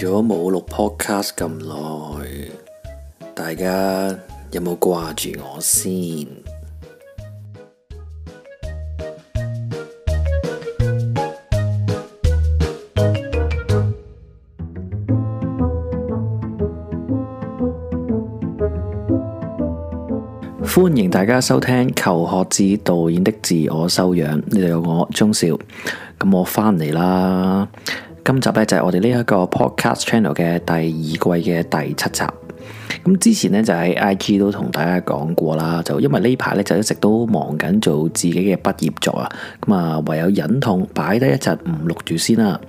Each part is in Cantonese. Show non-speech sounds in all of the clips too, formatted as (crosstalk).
咗冇錄 podcast 咁耐，大家有冇掛住我先？歡迎大家收聽《求學志導演的自我修養》，呢度有我鍾少，咁我返嚟啦。今集咧就係我哋呢一個 podcast channel 嘅第二季嘅第七集。咁之前咧，就喺 IG 都同大家講過啦，就因為呢排咧就一直都忙緊做自己嘅畢業作啊，咁啊唯有忍痛擺低一陣唔錄住先啦。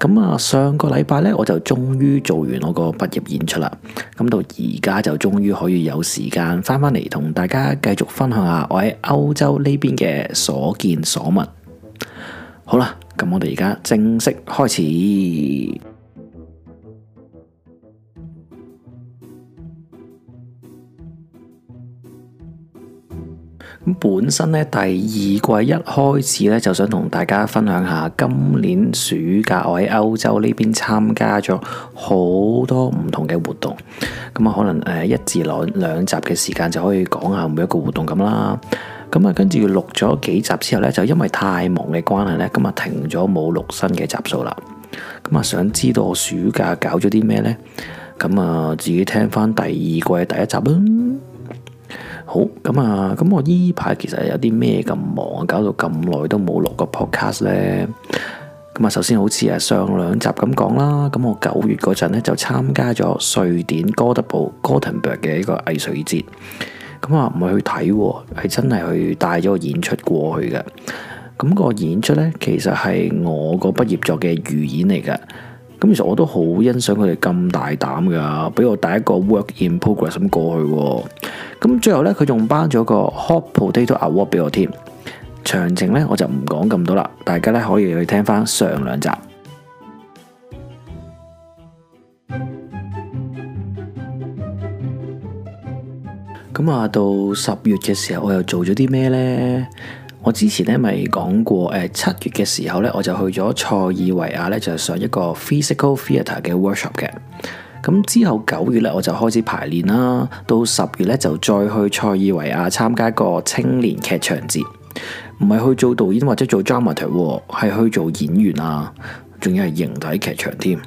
咁啊上個禮拜咧，我就終於做完我個畢業演出啦，咁到而家就終於可以有時間翻返嚟同大家繼續分享下我喺歐洲呢邊嘅所見所聞。好啦，咁我哋而家正式開始。咁本身咧，第二季一開始咧，就想同大家分享下今年暑假我喺歐洲呢邊參加咗好多唔同嘅活動。咁啊，可能誒一至兩兩集嘅時間就可以講下每一個活動咁啦。咁啊，跟住錄咗幾集之後呢，就因為太忙嘅關係呢，今日停咗冇錄六新嘅集數啦。咁啊，想知道我暑假搞咗啲咩呢？咁啊，自己聽翻第二季第一集啦。好，咁啊，咁我依排其實有啲咩咁忙搞到咁耐都冇錄個 podcast 呢？咁啊，首先好似啊上兩集咁講啦，咁我九月嗰陣呢，就參加咗瑞典哥德堡哥 o t 嘅一個藝術節。咁啊，唔係去睇，係真係去帶咗個演出過去嘅。咁個演出呢，其實係我個畢業作嘅預演嚟嘅。咁其實我都好欣賞佢哋咁大膽噶，俾我第一個 work in progress 咁過去。咁最後呢，佢仲頒咗個 hot potato Award 俾我添。詳情呢，我就唔講咁多啦，大家呢可以去聽翻上兩集。咁啊，到十月嘅時候，我又做咗啲咩呢？我之前咧咪講過，誒、呃，七月嘅時候咧，我就去咗塞爾維亞咧，就上一個 physical theatre 嘅 workshop 嘅。咁之後九月咧，我就開始排練啦。到十月咧，就再去塞爾維亞參加一個青年劇場節，唔係去做導演或者做 dramatur，係去做演員啊，仲要係形體劇場添。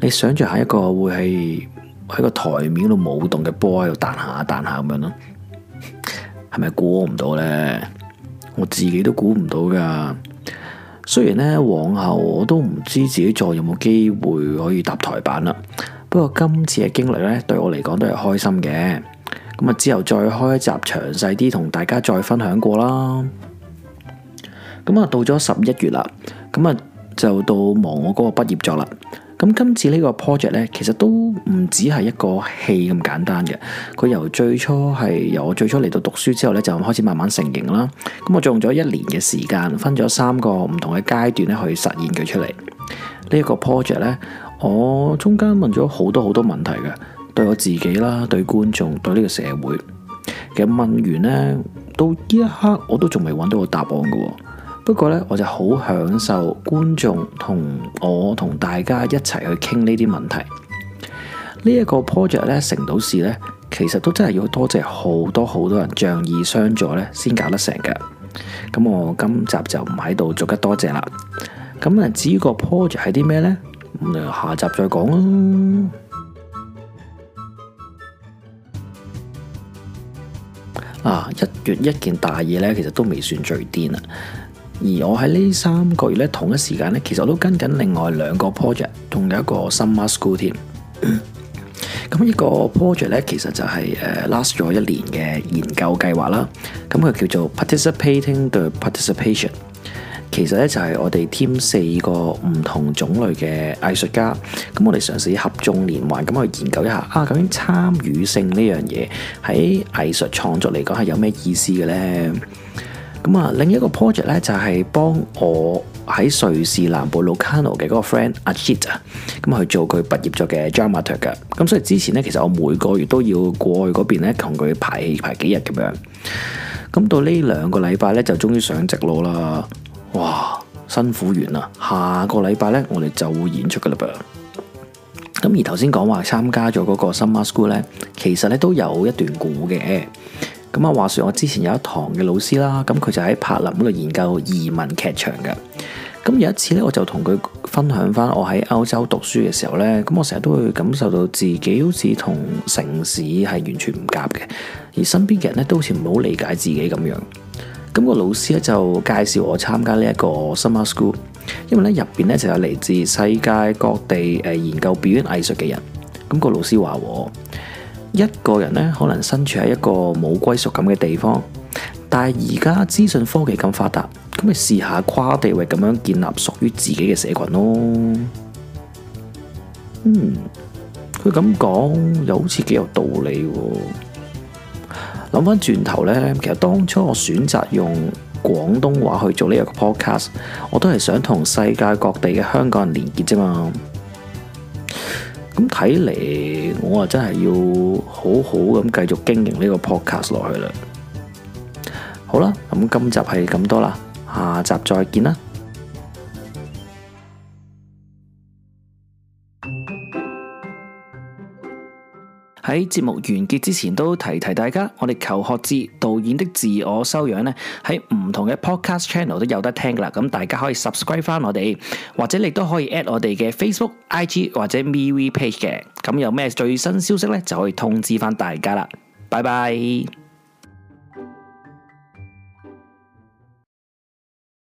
你想象下一個會係？喺個台面度舞動嘅波喺度彈下彈下咁樣咯，係咪估唔到呢？我自己都估唔到噶。雖然呢，往後我都唔知自己再有冇機會可以搭台板啦，不過今次嘅經歷呢，對我嚟講都係開心嘅。咁啊之後再開一集詳細啲同大家再分享過啦。咁啊到咗十一月啦，咁啊就到忙我嗰個畢業作啦。咁今次這個呢個 project 咧，其實都唔只係一個戲咁簡單嘅。佢由最初係由我最初嚟到讀書之後咧，就開始慢慢成型啦。咁我用咗一年嘅時間，分咗三個唔同嘅階段咧，去實現佢出嚟。這個、呢一個 project 咧，我中間問咗好多好多問題嘅，對我自己啦，對觀眾，對呢個社會。其實問完咧，到呢一刻我都仲未揾到個答案嘅喎。不過咧，我就好享受觀眾同我同大家一齊去傾呢啲問題。這個、呢一個 project 咧成到事咧，其實都真係要多謝好多好多人仗義相助咧，先搞得成嘅。咁我今集就唔喺度逐一多謝啦。咁啊，至於個 project 係啲咩咧？咁下集再講啦。啊，一月一件大嘢咧，其實都未算最癲啊！而我喺呢三個月咧同一時間咧，其實我都跟緊另外兩個 project，仲有一個 summer school team。咁 (laughs) 呢個 project 咧，其實就係 last 咗一年嘅研究計劃啦。咁佢叫做 participating the participation。其實咧就係、是、我哋 team 四個唔同種類嘅藝術家，咁我哋嘗試合縱連橫，咁去研究一下，啊究竟參與性呢樣嘢喺藝術創作嚟講係有咩意思嘅咧？咁啊，另一個 project 咧就係幫我喺瑞士南部 Lugano 嘅嗰個 friend Ajit 啊，咁去做佢畢業咗嘅 Dramaturg 嘅。咁所以之前咧，其實我每個月都要過去嗰邊咧，同佢排戲排幾日咁樣。咁到呢兩個禮拜咧就終於上直路啦，哇！辛苦完啦，下個禮拜咧我哋就會演出噶啦噃。咁而頭先講話參加咗嗰個 summer school 咧，其實咧都有一段故嘅。咁啊，話說我之前有一堂嘅老師啦，咁佢就喺柏林嗰度研究移民劇場嘅。咁有一次咧，我就同佢分享返我喺歐洲讀書嘅時候咧，咁我成日都會感受到自己好似同城市係完全唔夾嘅，而身邊嘅人咧都好似唔係好理解自己咁樣。咁個老師咧就介紹我參加呢一個 summer school，因為咧入面咧就有嚟自世界各地誒研究表演藝術嘅人。咁個老師話我。一個人咧，可能身處喺一個冇歸屬感嘅地方，但係而家資訊科技咁發達，咁咪試下跨地域咁樣建立屬於自己嘅社群咯。嗯，佢咁講又好似幾有道理喎。諗翻轉頭呢，其實當初我選擇用廣東話去做呢一個 podcast，我都係想同世界各地嘅香港人連結啫嘛。噉睇嚟，我真係要好好咁繼續經營呢個 podcast 落去啦。好啦，噉今集係咁多啦，下集再見啦。喺節目完結之前都提提大家，我哋求學之導演的自我修養咧，喺唔同嘅 podcast channel 都有得聽噶啦。咁大家可以 subscribe 翻我哋，或者你都可以 at 我哋嘅 Facebook、IG 或者 MeWe Page 嘅。咁有咩最新消息咧，就可以通知翻大家啦。拜拜。